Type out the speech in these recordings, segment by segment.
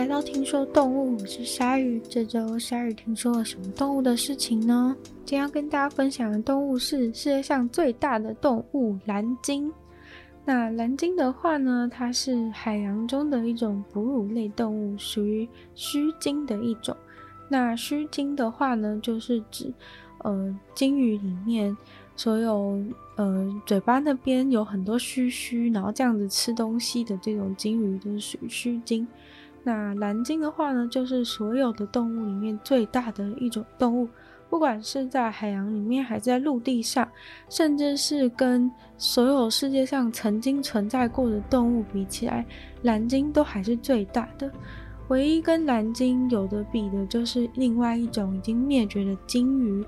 來到聽說動物我是鯊魚，這周鯊魚聽說了什麼動物的事情呢？今天要跟大家分享的動物是世界上最大的動物——藍鯨。那藍鯨的話呢，它是海洋中的一種哺乳類動物，屬於鬚鯨的一種。那鬚鯨的話呢，就是指，呃，鯨魚裡面所有，呃，嘴巴那邊有很多鬚鬚，然後這樣子吃東西的這種鯨魚，就是屬於鬚鯨。那藍鯨的話呢，就是所有的動物裡面最大的一種動物，不管是在海洋裡面，還是在陸地上，甚至是跟所有世界上曾經存在過的動物比起來，藍鯨都還是最大的。唯一跟藍鯨有得比的就是另外一種已經滅絕的鯨魚，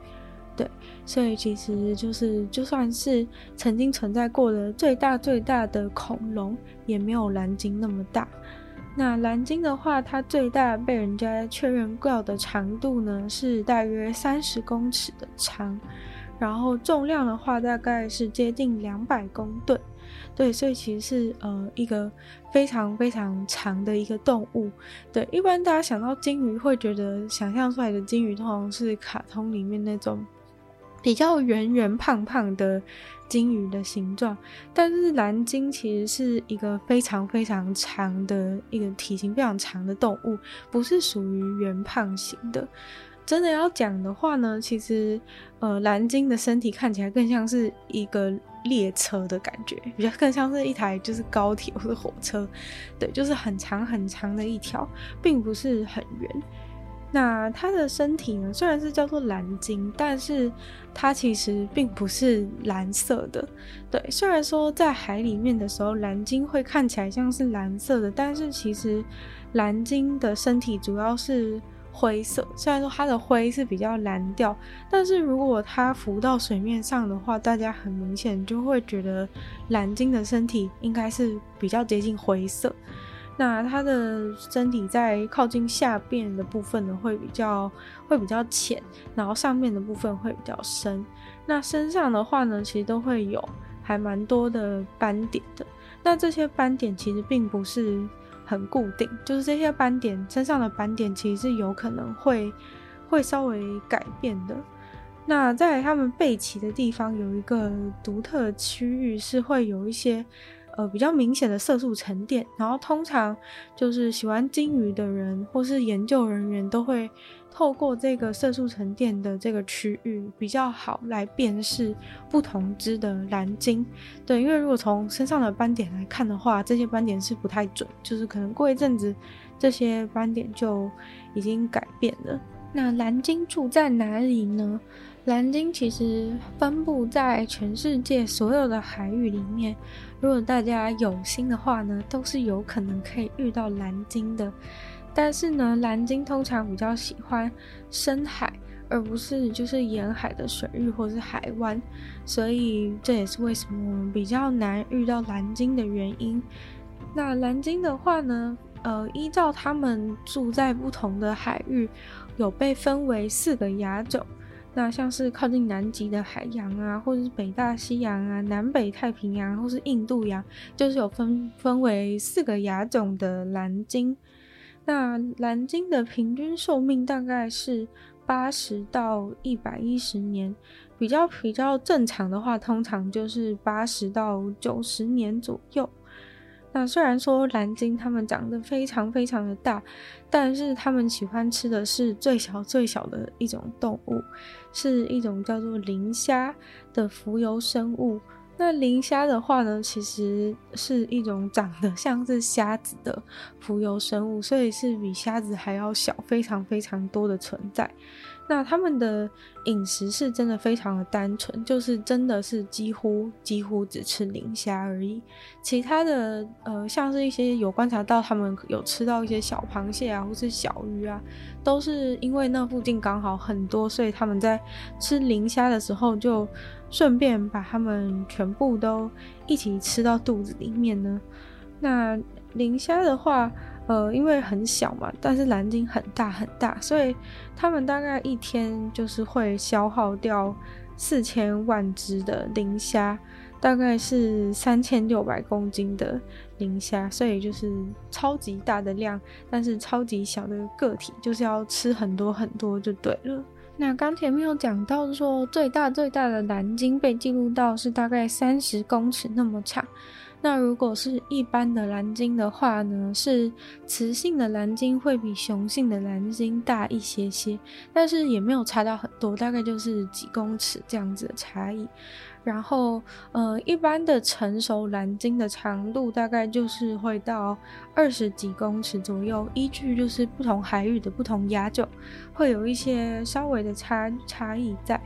對，所以其實就是就算是曾經存在過的最大最大的恐龍，也沒有藍鯨那麼大。那藍鯨的話，它最大被人家確認過的長度呢，是大約三十公尺的長，然後重量的話，大概是接近兩百公噸，對，所以其實是呃一個非常非常長的一個動物。對，一般大家想到鯨魚，會覺得想象出來的鯨魚通常是卡通裡面那種。比較圓圓胖胖的鯨魚的形狀，但是藍鯨其實是一個非常非常長的一個體型，非常長的動物，不是屬於圓胖型的。真的要講的話呢，其實呃，藍鯨的身體看起來更像是一個列車的感覺，比較更像是一台就是高鐵或者火車，對，就是很長很長的一條，並不是很圓。那它的身體呢？雖然是叫做藍鯨，但是它其實並不是藍色的。對，雖然說在海裡面的時候，藍鯨會看起來像是藍色的，但是其實藍鯨的身體主要是灰色。雖然說它的灰是比較藍調，但是如果它浮到水面上的話，大家很明顯就會覺得藍鯨的身體應該是比較接近灰色。那它的身體在靠近下邊的部分呢，會比較會比較淺，然後上面的部分會比較深。那身上的話呢，其實都會有還蠻多的斑點的。那這些斑點其實並不是很固定，就是這些斑點身上的斑點其實是有可能會會稍微改變的。那在他們背鰭的地方有一個獨特的區域，是會有一些。呃，比較明顯的色素沉澱，然後通常就是喜歡鯨魚的人或是研究人員都會透過這個色素沉澱的這個區域比較好來辨識不同隻的藍鯨。對，因為如果從身上的斑點來看的話，這些斑點是不太準，就是可能過一陣子這些斑點就已經改變了。那藍鯨住在哪裡呢？藍鯨其實分布在全世界所有的海域裡面，如果大家有心的話呢，都是有可能可以遇到藍鯨的。但是呢，藍鯨通常比較喜歡深海，而不是就是沿海的水域或是海灣，所以這也是為什麼我們比較難遇到藍鯨的原因。那藍鯨的話呢，呃，依照它們住在不同的海域，有被分為四個亞種。那像是靠近南極的海洋啊，或者是北大西洋啊、南北太平洋，或是印度洋，就是有分分為四個亞種的藍鯨。那藍鯨的平均壽命大概是八十到一百一十年，比較比較正常的話，通常就是八十到九十年左右。那雖然說藍鯨它們長得非常非常的大，但是它們喜歡吃的是最小最小的一種動物，是一種叫做磷蝦的浮游生物。那磷蝦的話呢，其實是一種長得像是蝦子的浮游生物，所以是比蝦子還要小，非常非常多的存在。那他們的飲食是真的非常的單純，就是真的是幾乎幾乎只吃磷蝦而已。其他的呃，像是一些有觀察到他們有吃到一些小螃蟹啊，或是小魚啊，都是因為那附近剛好很多，所以他們在吃磷蝦的時候就順便把它們全部都一起吃到肚子裡面呢。那磷蝦的話。呃，因為很小嘛，但是藍鯨很大很大，所以他們大概一天就是會消耗掉四千萬隻的磷蝦，大概是三千六百公斤的磷蝦，所以就是超級大的量，但是超級小的個體，就是要吃很多很多就對了。那剛前面有講到說，最大最大的藍鯨被記錄到是大概三十公尺那麼長。那如果是一般的藍鯨的話呢？是雌性的藍鯨會比雄性的藍鯨大一些些，但是也沒有差到很多，大概就是幾公尺這樣子的差異。然後，呃，一般的成熟藍鯨的長度大概就是會到二十幾公尺左右，依據就是不同海域的不同亞種，會有一些稍微的差差異在。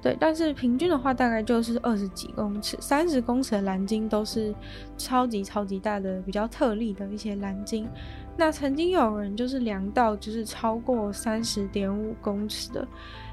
對，但是平均的話大概就是二十幾公尺，三十公尺的藍鯨都是超級超級大的，比較特例的一些藍鯨。那曾經有人就是量到就是超過三十點五公尺的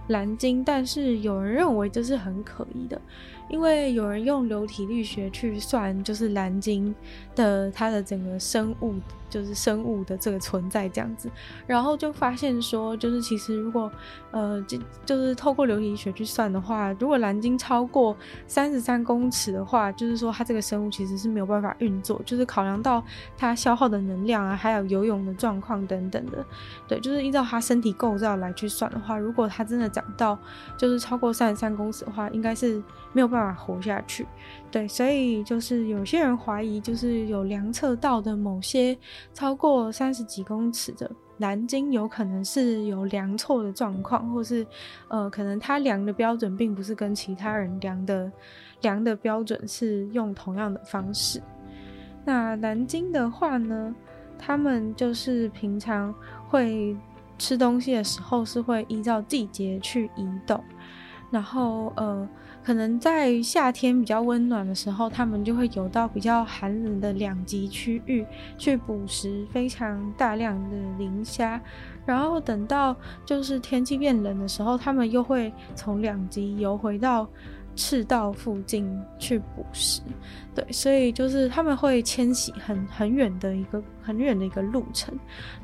藍鯨，但是有人認為這是很可疑的。因為有人用流體力學去算，就是藍鯨的它的整個生物，就是生物的這個存在這樣子，然後就發現說，就是其實如果呃，就就是透過流體力學去算的話，如果藍鯨超過三十三公尺的話，就是說它這個生物其實是沒有辦法運作，就是考量到它消耗的能量啊，還有游泳的狀況等等的，對，就是依照它身體構造來去算的話，如果它真的長到就是超過三十三公尺的話，應該是沒有辦法。辦法活下去，對，所以就是有些人懷疑，就是有量測到的某些超過三十幾公尺的藍鯨，有可能是有量錯的狀況，或是呃，可能他量的標準並不是跟其他人量的量的標準是用同樣的方式。那藍鯨的話呢，他們就是平常會吃東西的時候，是會依照季節去移動。然後，呃，可能在夏天比較溫暖的時候，他們就會游到比較寒冷的兩極區域去捕食非常大量的磷蝦。然後等到就是天氣變冷的時候，他們又會從兩極游回到赤道附近去捕食。對，所以就是他們會遷徙很，很遠的一個，很遠的一個路程。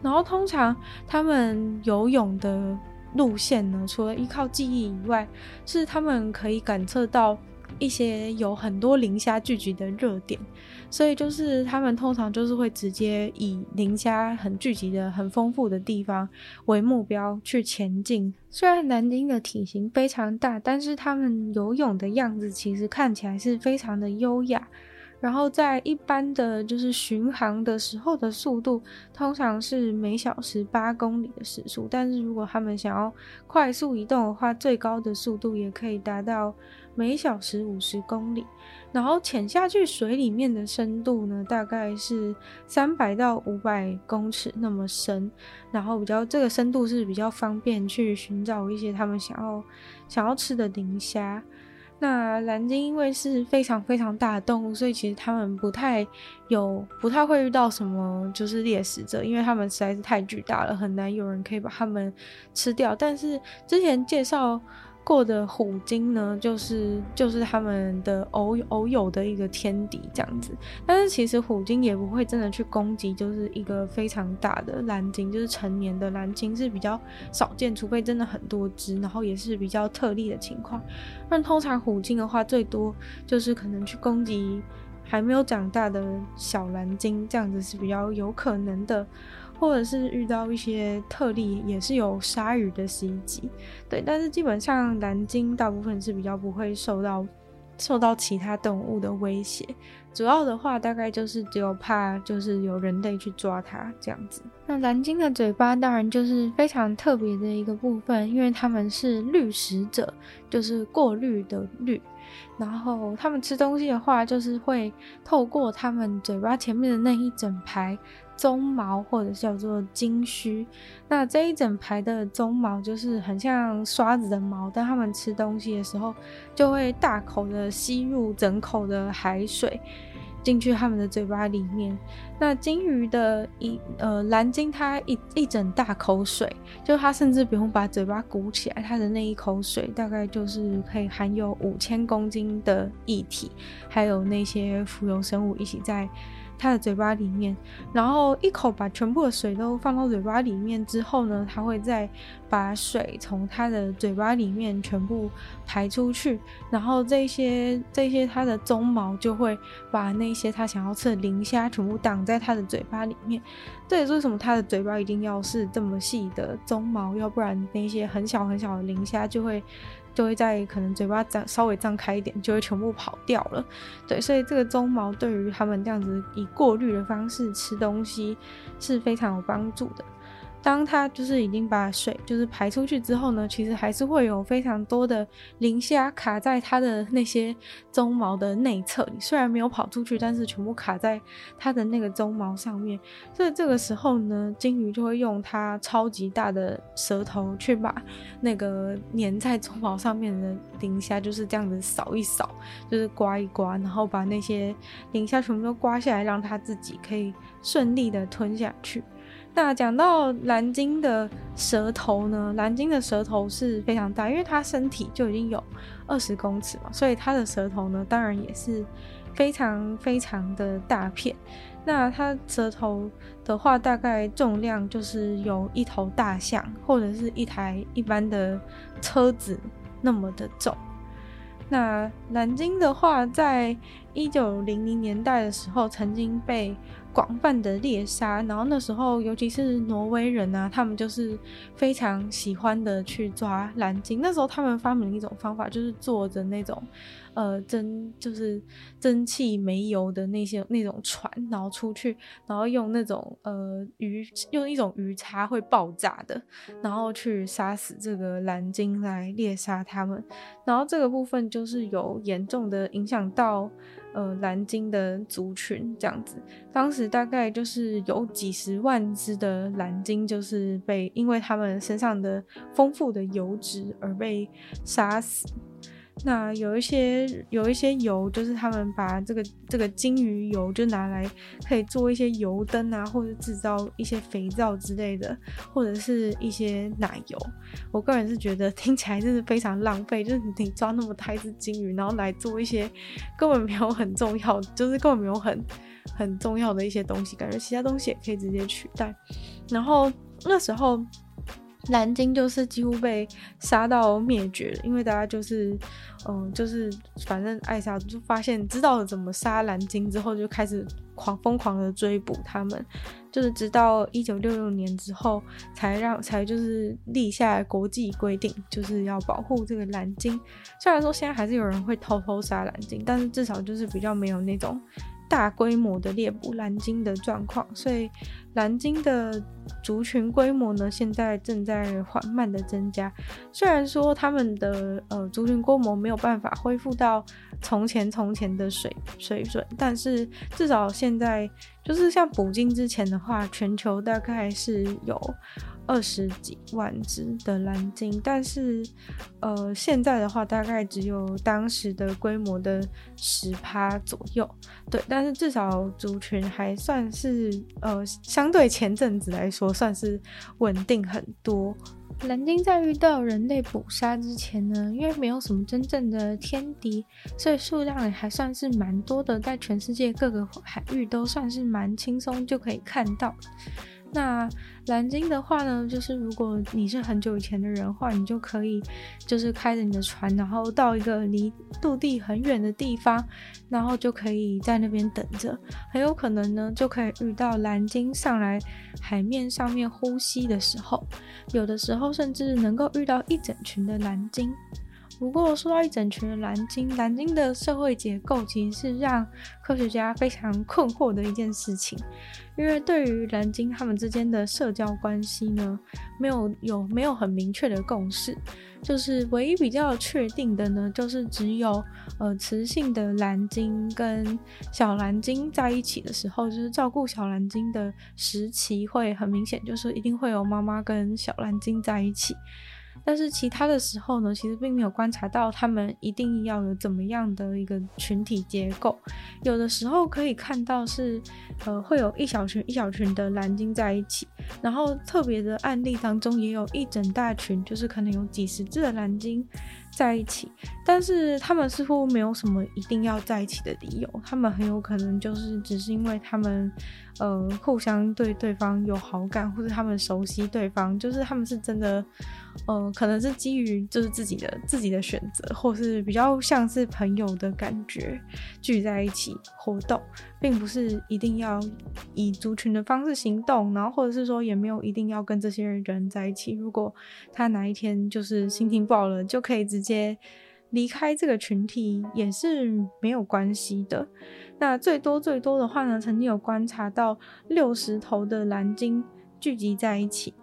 然後通常他們游泳的。路線呢，除了依靠記憶以外，是他們可以感測到一些有很多磷蝦聚集的熱點，所以就是他們通常就是會直接以磷蝦很聚集的、很豐富的地方為目標去前進。雖然藍鯨的體型非常大，但是他們游泳的樣子其實看起來是非常的優雅。然後在一般的就是巡航的時候的速度，通常是每小時八公里的時速。但是如果他們想要快速移動的話，最高的速度也可以達到每小時五十公里。然後潛下去水裡面的深度呢，大概是三百到五百公尺那麼深。然後比較這個深度是比較方便去尋找一些他們想要想要吃的磷蝦。那藍鯨因為是非常非常大的動物，所以其實他們不太有不太會遇到什麼就是獵食者，因為他們實在是太巨大了，很難有人可以把他們吃掉。但是之前介紹過的虎鯨呢，就是就是他們的偶偶有的一個天敵這樣子，但是其實虎鯨也不會真的去攻擊，就是一個非常大的藍鯨，就是成年的藍鯨是比較少見，除非真的很多隻，然後也是比較特例的情況。但通常虎鯨的話，最多就是可能去攻擊還沒有長大的小藍鯨，這樣子是比較有可能的。或者是遇到一些特例，也是有鯊魚的襲擊，對。但是基本上藍鯨大部分是比較不會受到受到其他動物的威脅，主要的話大概就是只有怕就是有人類去抓它這樣子。那藍鯨的嘴巴當然就是非常特別的一個部分，因為它們是濾食者，就是過濾的濾。然後它們吃東西的話，就是會透過它們嘴巴前面的那一整排。鬃毛或者叫做鯨鬚，那這一整排的鬃毛就是很像刷子的毛，當他們吃東西的時候就會大口的吸入整口的海水進去他們的嘴巴裡面。那鯨魚的一呃藍鯨它一一整大口水，就它甚至不用把嘴巴鼓起來，它的那一口水大概就是可以含有五千公斤的液體，還有那些浮游生物一起在。它的嘴巴裡面，然後一口把全部的水都放到嘴巴裡面之後呢，它會再把水從它的嘴巴裡面全部排出去，然後這些這些它的鬃毛就會把那些它想要吃的磷蝦全部擋在它的嘴巴裡面。這也是為什麼它的嘴巴一定要是這麼細的鬃毛，要不然那些很小很小的磷蝦就會。就會在可能嘴巴張稍微張開一點，就會全部跑掉了。對，所以這個鬃毛對於它們這樣子以過濾的方式吃東西是非常有幫助的。當它就是已經把水就是排出去之後呢，其實還是會有非常多的磷蝦卡在它的那些鬃毛的內側裡，雖然沒有跑出去，但是全部卡在它的那個鬃毛上面。所以這個時候呢，鯨魚就會用它超級大的舌頭去把那個粘在鬃毛上面的磷蝦就是這樣子掃一掃，就是刮一刮，然後把那些磷蝦全部都刮下來，讓它自己可以順利的吞下去。那講到藍鯨的舌頭呢？藍鯨的舌頭是非常大，因為它身體就已經有二十公尺嘛，所以它的舌頭呢，當然也是非常非常的大片。那它舌頭的話，大概重量就是有一頭大象或者是一台一般的車子那麼的重。那藍鯨的話，在一九零零年代的時候，曾經被廣泛的獵殺，然後那時候，尤其是挪威人啊，他們就是非常喜歡的去抓藍鯨。那時候他們發明了一種方法，就是坐着那種，呃，蒸就是蒸汽煤油的那些那種船，然後出去，然後用那種呃魚，用一種魚叉會爆炸的，然後去殺死這個藍鯨來獵殺它們。然後這個部分就是有嚴重的影響到。呃，藍鯨的族群這樣子，當時大概就是有幾十萬隻的藍鯨，就是被因為他們身上的豐富的油脂而被殺死。那有一些有一些油，就是他們把這個這個鯨魚油就拿來可以做一些油燈啊，或者製造一些肥皂之類的，或者是一些奶油。我個人是覺得聽起來真是非常浪費，就是你抓那麼大只鯨魚，然後來做一些根本沒有很重要，就是根本沒有很很重要的一些東西，感覺其他東西也可以直接取代。然後那時候。藍鯨就是幾乎被殺到滅絕，因為大家就是，嗯、呃，就是反正愛殺就發現知道了怎麼殺藍鯨之後，就開始狂瘋狂的追捕他們，就是直到一九六六年之後，才讓才就是立下國際規定，就是要保護這個藍鯨。雖然說現在還是有人會偷偷殺藍鯨，但是至少就是比較沒有那種。大規模的獵捕藍鯨的狀況，所以藍鯨的族群規模呢，現在正在緩慢的增加。雖然說他們的呃族群規模沒有辦法恢復到從前從前的水水準，但是至少現在就是像捕鯨之前的話，全球大概是有。二十幾萬隻的藍鯨，但是，呃，現在的話大概只有當時的規模的十趴左右。對，但是至少族群還算是呃，相對前陣子來說算是穩定很多。藍鯨在遇到人類捕殺之前呢，因為沒有什麼真正的天敵，所以數量也還算是蠻多的，在全世界各個海域都算是蠻輕鬆就可以看到。那藍鯨的話呢，就是如果你是很久以前的人的話，你就可以，就是開着你的船，然後到一個離陸地很遠的地方，然後就可以在那邊等着，很有可能呢，就可以遇到藍鯨上來海面上面呼吸的時候，有的時候甚至能夠遇到一整群的藍鯨。不過說到一整群的藍鯨，藍鯨的社會結構其實是讓科學家非常困惑的一件事情，因為對於藍鯨它們之間的社交關係呢，沒有有沒有很明確的共識，就是唯一比較確定的呢，就是只有呃雌性的藍鯨跟小藍鯨在一起的時候，就是照顧小藍鯨的時期會很明顯，就是一定會有媽媽跟小藍鯨在一起。但是其他的時候呢，其實並沒有觀察到它們一定要有怎麼樣的一個群體結構，有的時候可以看到是，呃，會有一小群一小群的藍鯨在一起。然後特別的案例當中，也有一整大群，就是可能有幾十只的藍鯨在一起，但是他們似乎沒有什麼一定要在一起的理由，他們很有可能就是只是因為他們，呃，互相對對方有好感，或者他們熟悉對方，就是他們是真的，嗯、呃，可能是基於就是自己的自己的選擇，或是比較像是朋友的感覺，聚在一起活動。並不是一定要以族群的方式行動，然後或者是說也沒有一定要跟這些人在一起。如果他哪一天就是心情不好了，就可以直接離開這個群體，也是沒有關係的。那最多最多的話呢，曾經有觀察到六十頭的藍鯨聚集在一起。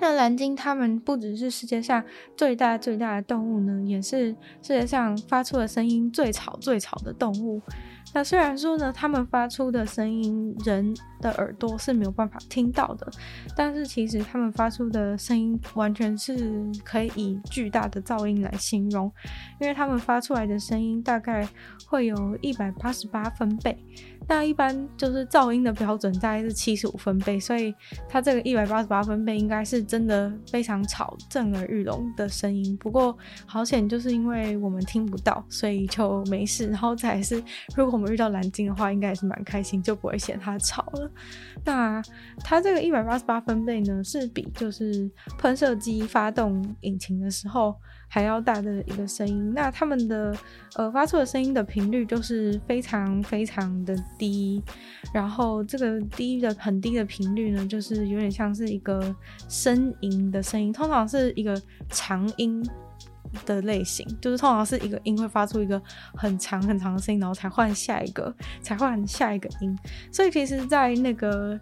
那藍鯨，它們不只是世界上最大最大的動物呢，也是世界上發出的聲音最吵最吵的動物。那雖然說呢，它們發出的聲音人的耳朵是沒有辦法聽到的，但是其實他們發出的聲音完全是可以以巨大的噪音來形容，因為他們發出來的聲音大概會有一百八十八分貝。那一般就是噪音的標準大概是七十五分貝，所以它這個一百八十八分貝應該是。真的非常吵，震耳欲聾的聲音。不過好險，就是因為我們聽不到，所以就沒事。然後再還是，如果我們遇到藍鯨的話，應該也是蠻開心，就不會嫌它吵了。那它這個一百八十八分貝呢，是比就是噴射機發動引擎的時候。還要大的一個聲音，那他們的呃發出的聲音的頻率就是非常非常的低，然後這個低的很低的頻率呢，就是有點像是一個呻吟的聲音，通常是一個長音。的類型就是通常是一個音會發出一個很長很長的聲音，然後才換下一個，才換下一個音。所以其實在、那個，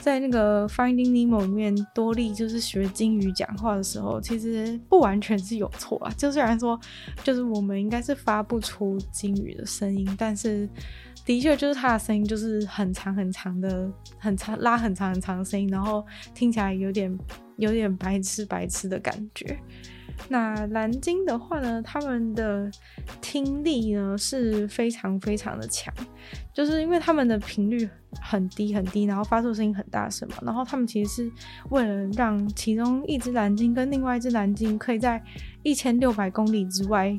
在那個在那個《Finding Nemo》裡面，多利就是學鯨魚講話的時候，其實不完全是有錯啊。就雖然說，就是我們應該是發不出鯨魚的聲音，但是的確就是它的聲音就是很長很長的，很長拉很長很長的聲音，然後聽起來有點有點白痴白痴的感覺。那藍鯨的話呢，它們的聽力呢是非常非常的強，就是因為它們的頻率很低很低，然後發出聲音很大聲嘛，然後它們其實是為了讓其中一隻藍鯨跟另外一隻藍鯨可以在一千六百公里之外。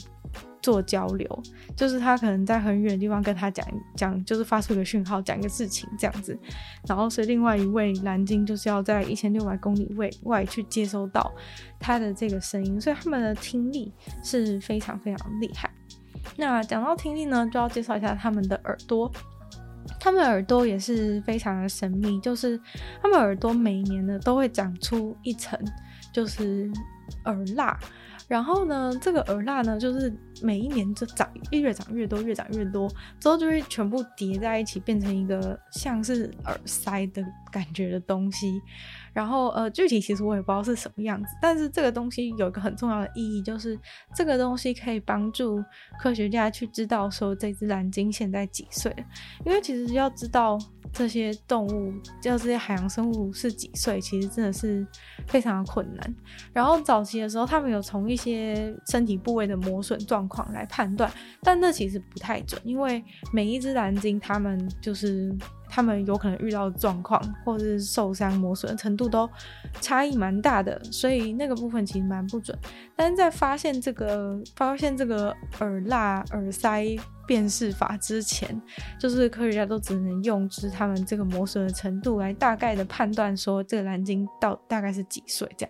做交流，就是他可能在很遠的地方跟他講講，就是發出一個訊號，講一個事情這樣子。然後，所以另外一位藍鯨就是要在一千六百公里外外去接收到他的這個聲音，所以他們的聽力是非常非常厲害。那講到聽力呢，就要介紹一下他們的耳朵。他們的耳朵也是非常的神秘，就是他們耳朵每年呢都會長出一層，就是耳蠟。然後呢，這個耳蠟呢就是。每一年就長，越長越多，越長越多，之後就會全部疊在一起，變成一個像是耳塞的感覺的東西。然後，呃，具體其實我也不知道是什麼樣子，但是這個東西有一個很重要的意義，就是這個東西可以幫助科學家去知道說這隻藍鯨現在幾歲。因為其實要知道這些動物，要知道這些海洋生物是幾歲，其實真的是非常的困難。然後早期的時候，他們有從一些身體部位的磨損狀來判斷，但那其實不太準，因為每一隻藍鯨，它們就是他們有可能遇到的狀況，或者是受傷磨損的程度都差異蠻大的，所以那個部分其實蠻不準。但是在發現這個發現這個耳蠟耳塞辨識法之前，就是科學家都只能用就是他們這個磨損的程度來大概的判斷說這個藍鯨到大概是幾歲這樣。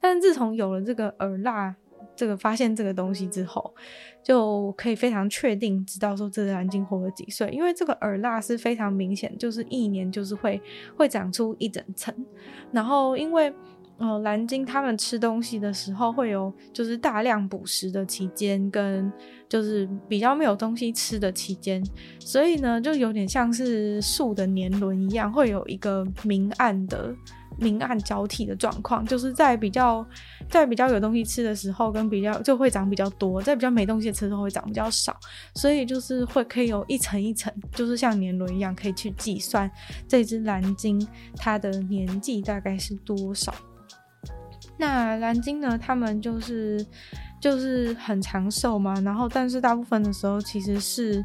但是自從有了這個耳蠟。這個發現這個東西之後，就可以非常確定知道說，這隻藍鯨活了幾歲，因為這個耳蠟是非常明顯，就是一年就是會會長出一整層。然後因為呃藍鯨它們吃東西的時候會有就是大量捕食的期間，跟就是比較沒有東西吃的期間，所以呢就有點像是樹的年輪一樣，會有一個明暗的，明暗交替的狀況，就是在比較在比較有東西吃的時候，跟比較就會長比較多；在比較沒東西的吃的時候，會長比較少。所以就是會可以有一層一層，就是像年輪一樣，可以去計算這隻藍鯨它的年紀大概是多少。那藍鯨呢？它們就是就是很長壽嘛。然後，但是大部分的時候其實是。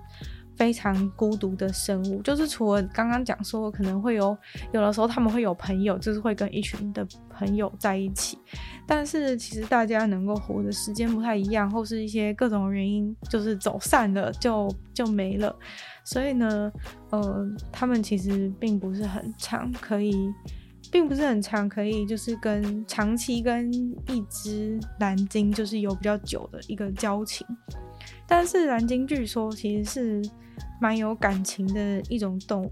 非常孤獨的生物，就是除了剛剛講說可能會有，有的時候他們會有朋友，就是會跟一群的朋友在一起，但是其實大家能夠活的時間不太一樣，或是一些各種原因，就是走散了就就沒了，所以呢，呃，他們其實並不是很常可以。並不是很常，可以就是跟長期跟一隻藍鯨就是有比較久的一個交情，但是藍鯨據說其實是蠻有感情的一種動物。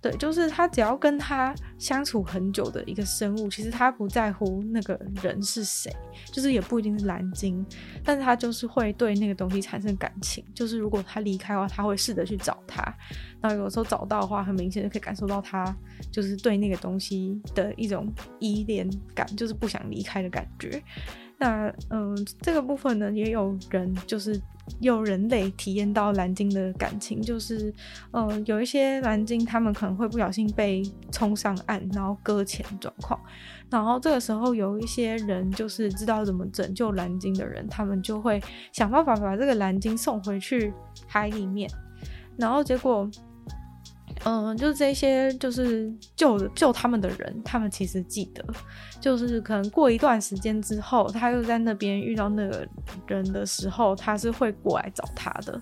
對，就是他只要跟他相處很久的一個生物，其實他不在乎那個人是誰，就是也不一定是藍鯨，但是他就是會對那個東西產生感情。就是如果他離開的話，他會試着去找他。那有時候找到的話，很明顯就可以感受到他就是對那個東西的一種依戀感，就是不想離開的感覺。那嗯，這個部分呢，也有人就是。有人類體驗到藍鯨的感情，就是，嗯、呃，有一些藍鯨他們可能會不小心被衝上岸，然後擱淺狀況，然後這個時候有一些人就是知道怎麼拯救藍鯨的人，他們就會想辦法把這個藍鯨送回去海裡面，然後結果。嗯，就是這些，就是救救他們的人，他們其實記得，就是可能過一段時間之後，他又在那邊遇到那個人的時候，他是會過來找他的。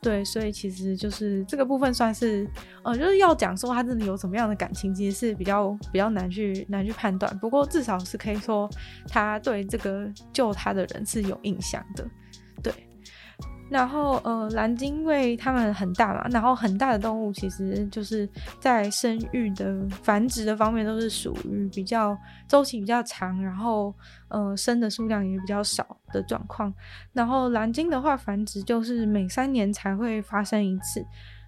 對，所以其實就是這個部分算是，呃、嗯，就是要講說他這裡有什麼樣的感情，其實是比較比較難去難去判斷。不過至少是可以說他對這個救他的人是有印象的。然後，呃，藍鯨，因為它們很大嘛，然後很大的動物，其實就是在生育的、繁殖的方面，都是屬於比較週期比較長，然後，呃，生的數量也比較少的狀況。然後，藍鯨的話，繁殖就是每三年才會發生一次，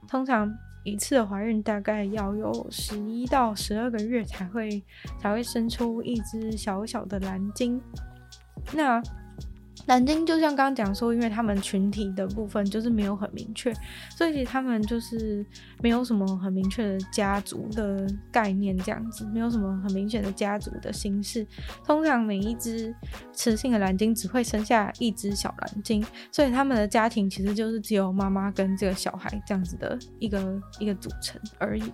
通常一次的懷孕大概要有十一到十二個月才會才會生出一隻小小的藍鯨。那。藍鯨就像剛剛講說，因為他們群體的部分就是沒有很明確，所以其實他們就是沒有什麼很明確的家族的概念，這樣子，沒有什麼很明顯的家族的形式。通常每一隻雌性的藍鯨只會生下一隻小藍鯨，所以他們的家庭其實就是只有媽媽跟這個小孩這樣子的一個一個組成而已。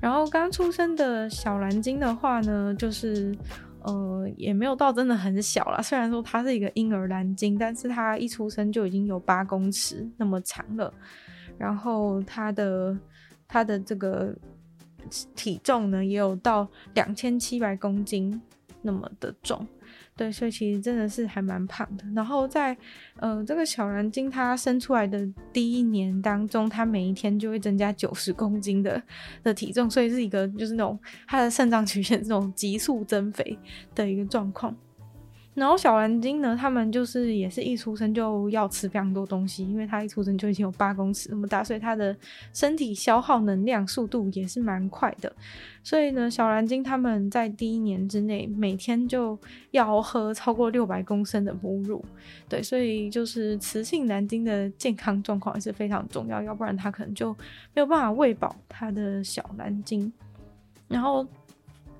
然後剛出生的小藍鯨的話呢，就是。呃，也沒有到真的很小啦，雖然說它是一個嬰兒藍鯨，但是它一出生就已經有八公尺那麼長了，然後它的它的這個體重呢，也有到兩千七百公斤那麼的重。對，所以其實真的是還蠻胖的。然後在，呃，這個小藍鯨它生出來的第一年當中，它每一天就會增加九十公斤的的體重，所以是一個就是那種它的生長曲線這種急速增肥的一個狀況。然後小藍鯨呢，他們就是也是一出生就要吃非常多東西，因為它一出生就已經有八公尺那麼大，所以它的身體消耗能量速度也是蠻快的，所以呢，小藍鯨它們在第一年之內每天就要喝超過六百公升的母乳，對，所以就是雌性藍鯨的健康狀況也是非常重要，要不然它可能就沒有辦法餵飽它的小藍鯨，然後。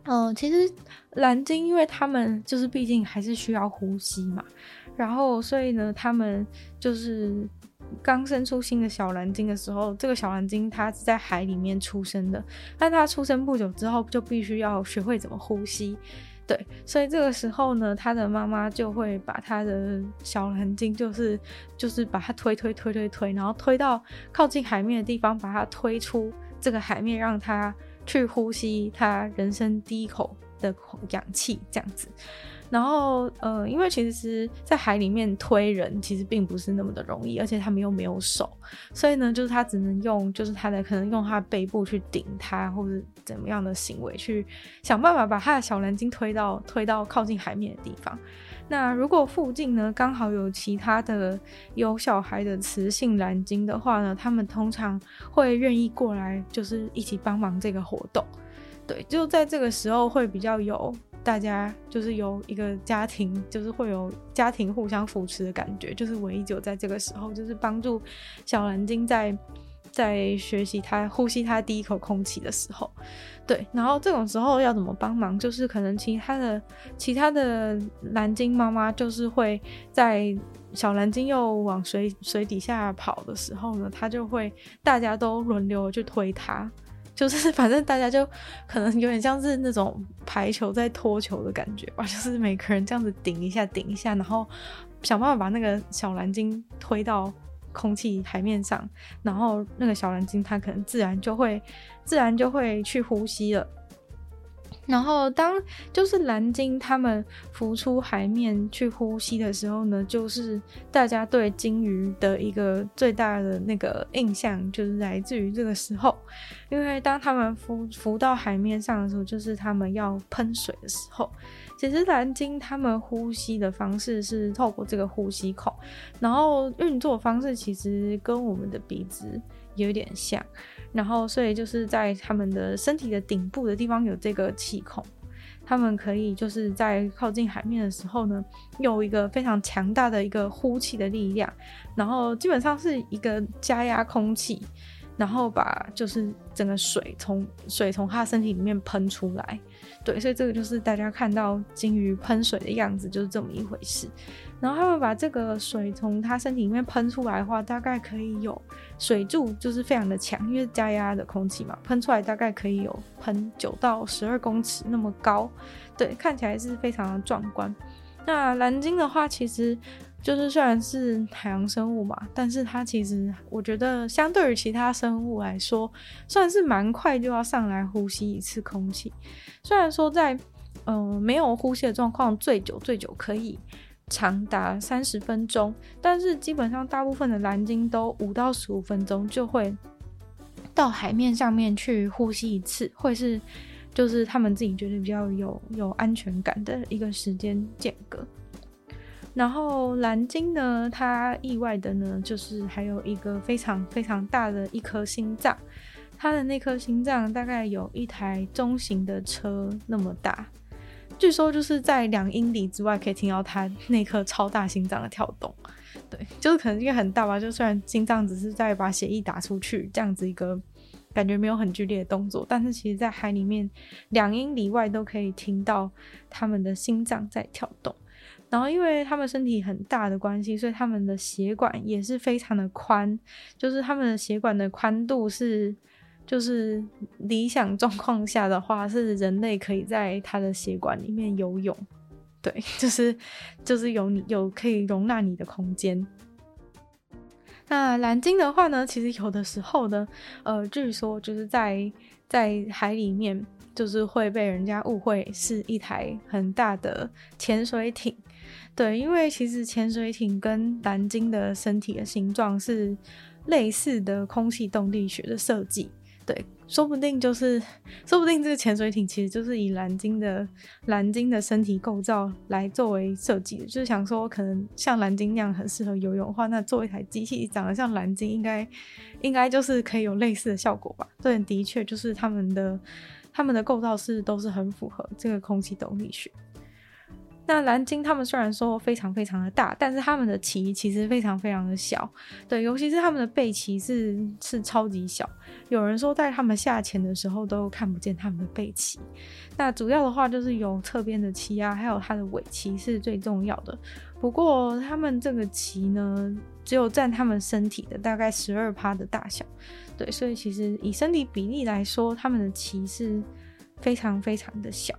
嗯、哦，其實藍鯨，因為他們就是畢竟還是需要呼吸嘛，然後所以呢，他們就是剛生出新的小藍鯨的時候，這個小藍鯨它是在海裡面出生的，但它出生不久之後就必須要學會怎麼呼吸，對，所以這個時候呢，它的媽媽就會把它的小藍鯨、就是，就是就是把它推推推推推，然後推到靠近海面的地方，把它推出這個海面，讓它。去呼吸他人生第一口的氧氣，這樣子。然後，呃，因為其實，在海裡面推人其實並不是那麼的容易，而且他們又沒有手，所以呢，就是他只能用，就是他的可能用他的背部去頂他，或者怎麼樣的行為去想辦法把他的小藍鯨推到推到靠近海面的地方。那如果附近呢，剛好有其他的有小孩的雌性藍鯨的話呢，他們通常會願意過來，就是一起幫忙這個活動。對，就在這個時候會比較有大家，就是有一個家庭，就是會有家庭互相扶持的感覺。就是唯一只在這個時候，就是幫助小藍鯨在在學習它呼吸它第一口空氣的時候。對，然後這種時候要怎麼幫忙？就是可能其他的其他的藍鯨媽媽，就是會在小藍鯨又往水水底下跑的時候呢，她就會大家都輪流去推他，就是反正大家就可能有點像是那種排球在托球的感覺吧，就是每個人這樣子頂一下頂一下，然後想辦法把那個小藍鯨推到。空氣海面上，然後那個小藍鯨，它可能自然就會，自然就會去呼吸了。然後，當就是藍鯨它們浮出海面去呼吸的時候呢，就是大家對鯨魚的一個最大的那個印象，就是來自於這個時候。因為當它們浮浮到海面上的時候，就是它們要噴水的時候。其實，藍鯨它們呼吸的方式是透過這個呼吸孔，然後運作方式其實跟我們的鼻子有點像。然後，所以就是在他們的身體的頂部的地方有這個氣孔，他們可以就是在靠近海面的時候呢，用一個非常強大的一個呼氣的力量，然後基本上是一個加壓空氣，然後把就是整個水從水從他身體裡面噴出來。對，所以這個就是大家看到鯨魚噴水的樣子，就是這麼一回事。然後它們把這個水從它身體裡面噴出來的話，大概可以有水柱，就是非常的強，因為加壓的空氣嘛，噴出來大概可以有噴九到十二公尺那麼高，對，看起來是非常的壯觀。那藍鯨的話，其實就是雖然是海洋生物嘛，但是它其實我覺得相對於其他生物來說，算是蠻快就要上來呼吸一次空氣。雖然說在嗯、呃、沒有呼吸的狀況最久最久可以長達三十分鐘，但是基本上大部分的藍鯨都五到十五分鐘就會到海面上面去呼吸一次，會是就是他們自己覺得比較有有安全感的一個時間間隔。然後藍鯨呢，它意外的呢，就是還有一個非常非常大的一顆心臟，它的那顆心臟大概有一台中型的車那麼大。據說就是在兩英里之外可以聽到他那顆超大心臟的跳動，對，就是可能因為很大吧，就雖然心臟只是在把血液打出去這樣子一個感覺沒有很劇烈的動作，但是其實在海裡面兩英里外都可以聽到他們的心臟在跳動。然後因為他們身體很大的關係，所以他們的血管也是非常的寬，就是他們的血管的寬度是，就是理想狀況下的話，是人類可以在它的血管裡面游泳，對，就是就是有你有可以容納你的空間。那藍鯨的話呢，其實有的時候呢，呃，據說就是在在海裡面，就是會被人家誤會是一台很大的潛水艇，對，因為其實潛水艇跟藍鯨的身體的形狀是類似的空氣動力學的設計。對，說不定就是，說不定這個潛水艇其實就是以藍鯨的藍鯨的身體構造來作為設計。就是想說，可能像藍鯨那樣很適合游泳的話，那做一台機器長得像藍鯨，應該應該就是可以有類似的效果吧？所以的確就是他們的他們的構造是都是很符合這個空氣動力學。那藍鯨他們雖然說非常非常的大，但是他們的鰭其實非常非常的小，對，尤其是他們的背鰭是是超級小，有人說在他們下潛的時候都看不見他們的背鰭。那主要的話就是有側邊的鰭啊，還有它的尾鰭是最重要的。不過他們這個鰭呢，只有占他們身體的大概十二趴的大小，對，所以其實以身體比例來說，他們的鰭是非常非常的小。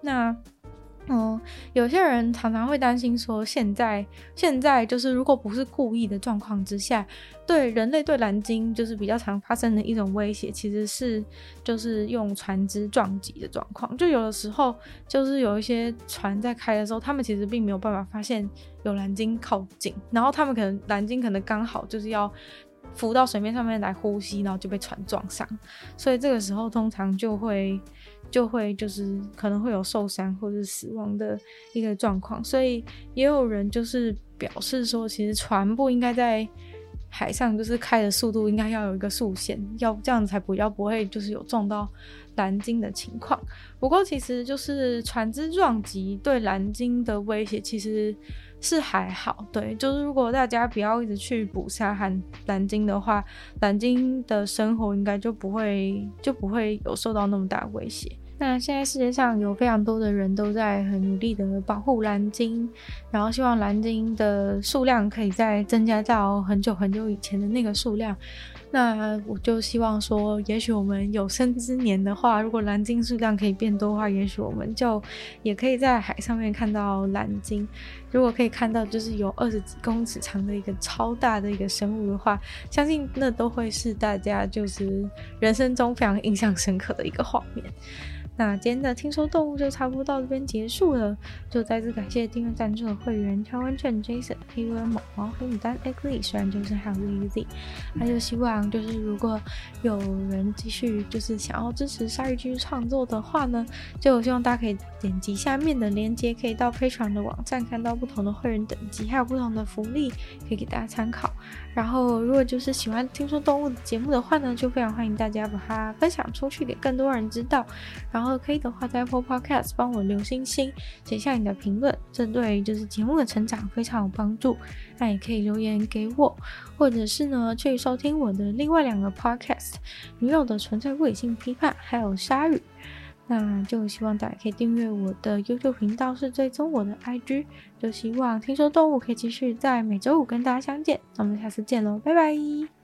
那。嗯、哦，有些人常常會擔心說，現在現在就是如果不是故意的狀況之下，對人類對藍鯨就是比較常發生的一種威脅，其實是就是用船只撞擊的狀況。就有的時候，就是有一些船在開的時候，他們其實並沒有辦法發現有藍鯨靠近，然後他們可能藍鯨可能剛好就是要浮到水面上面來呼吸，然後就被船撞上，所以這個時候通常就會。就會就是可能會有受傷或者死亡的一個狀況，所以也有人就是表示說，其實船不應該在海上，就是開的速度應該要有一個速限，要這樣才不要不會就是有撞到藍鯨的情況。不過其實就是船隻撞擊對藍鯨的威脅其實是還好，對，就是如果大家不要一直去捕殺藍藍鯨的話，藍鯨的生活應該就不會就不會有受到那麼大威脅。那現在世界上有非常多的人都在很努力的保護藍鯨，然後希望藍鯨的數量可以再增加到很久很久以前的那個數量。那我就希望說，也許我們有生之年的話，如果藍鯨數量可以變多的話，也許我們就也可以在海上面看到藍鯨。如果可以看到，就是有二十幾公尺長的一個超大的一個生物的話，相信那都會是大家就是人生中非常印象深刻的一個畫面。那今天的聽說動物就差不多到這邊結束了，就再次感謝訂閱贊助的會員超完全 Jason、k u m 毛黑牡丹、a l e 雖然就是很 easy，那就希望就是如果有人繼續就是想要支持鯊魚繼續創作的話呢，就希望大家可以點擊下面的鏈接，可以到 Patreon 的網站看到不同的會員等級，還有不同的福利可以給大家參考。然後如果就是喜歡聽說動物的節目的話呢，就非常歡迎大家把它分享出去，給更多人知道。然後。然後可以的話，在 Apple Podcast 幫我留星星，寫下你的評論，這對就是節目的成長非常有幫助。那也可以留言給我，或者是呢去收聽我的另外兩個 Podcast《女友的存在合理性批判》還有《鯊魚》。那就希望大家可以訂閱我的 YouTube 頻道，是追蹤我的 IG。就希望聽說動物可以繼續在每周五跟大家相見。那我們下次見嘍，拜拜。